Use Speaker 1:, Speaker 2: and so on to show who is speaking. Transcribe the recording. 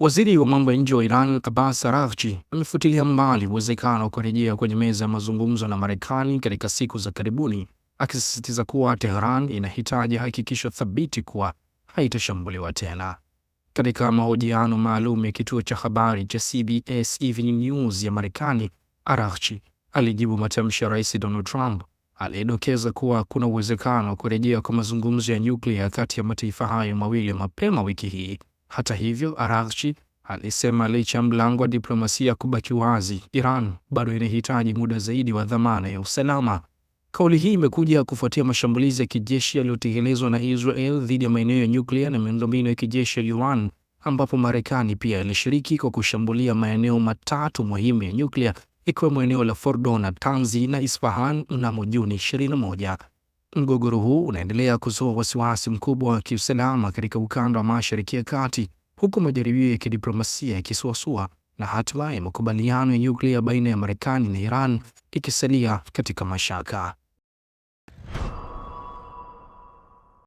Speaker 1: Waziri wa mambo ya nje wa Iran Abbas Araghchi amefutilia mbali uwezekano wa kurejea kwenye meza ya mazungumzo na Marekani katika siku za karibuni, akisisitiza kuwa Tehran inahitaji hakikisho thabiti kuwa haitashambuliwa tena. Katika mahojiano maalum ya kituo cha habari cha CBS Evening News ya Marekani, Araghchi alijibu matamshi ya Rais Donald Trump aliyedokeza kuwa kuna uwezekano wa kurejea kwa mazungumzo ya nyuklia kati ya mataifa hayo mawili mapema wiki hii. Hata hivyo, Araghchi alisema licha ya mlango wa diplomasia kubaki wazi, Iran bado inahitaji muda zaidi wa dhamana ya usalama. Kauli hii imekuja kufuatia mashambulizi ya kijeshi yaliyotekelezwa na Israel dhidi ya maeneo ya nyuklia na miundombinu ya kijeshi ya Iran, ambapo Marekani pia ilishiriki kwa kushambulia maeneo matatu muhimu ya nyuklia ikiwemo eneo la fordona tanzi na Isfahan mnamo Juni 21. Mgogoro huu unaendelea kuzua wasiwasi mkubwa wa kiusalama katika ukanda wa Mashariki ya Kati, huku majaribio ya kidiplomasia yakisuasua na hatimaye makubaliano ya nyuklia baina ya Marekani na Iran ikisalia katika mashaka.